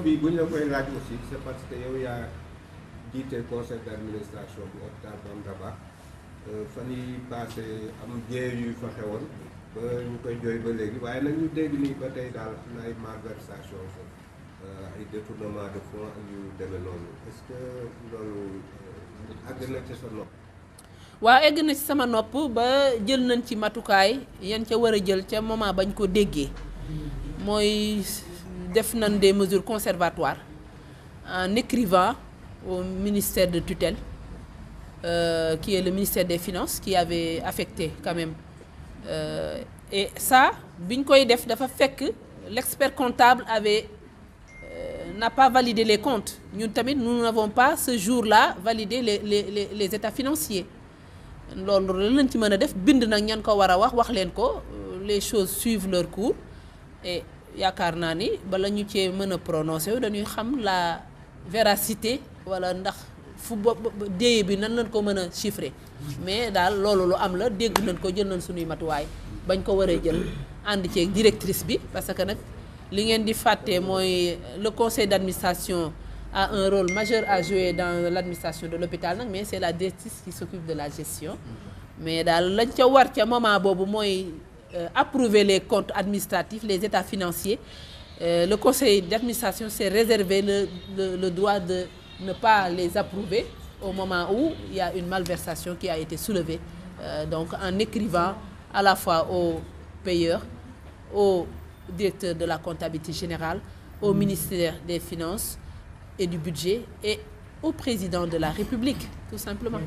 bi bu ñu la koy laaj aussi c' est parce que yow yaa jiite conseil d' administration bu hôpital Bantamba euh, fan yii passé am jéer yu fa xewoon ba ñu koy jooy ba léegi waaye nag ñu dégg nii ba tey daal am na ay malversation euh, ay détournement de fonds ak yu demee noonu est ce que loolu euh, àgg na ci sa nopp. waaw egg na ci sama nopp ba jël nañ ci matukaay yan ca war a jël ca moment bañ ko déggee mooy. des mesures conservatoires en écrivant au ministère de tutelle euh, qui est le ministère des finances qui avait affecté quand même euh, et ça biñ koy def fait que l'expert comptable avait euh, n'a pas validé les comptes nous n'avons pas ce jour-là validé les états financiers les choses suivent leur cours et yaakaar naa ni bala ñu cee mën a prononcé dañuy xam la véracité wala ndax fu bo déye bi nan lañ ko mën a chiffré mais daal loolu lu am la dégg nañ ko jël nañ suñuy matuwaay bañ ko waree jël ànd ceeg directrice bi parce que nag li ngeen di fàtte mooy le conseil d'administration a un rôle majeur à jouer dans l'administration de l'hôpital nag mais c'est la directrice qui s'occupe de la gestion mais daal lañ ca war ca moment boobu mooy euh, approuver les comptes administratifs, les états financiers. Euh, le conseil d'administration s'est réservé le, droit de ne pas les approuver au moment où il y a une malversation qui a été soulevée. Euh, donc en écrivant à la fois aux payeurs, au directeur de la comptabilité générale, au ministère des Finances et du Budget et au président de la République, tout simplement.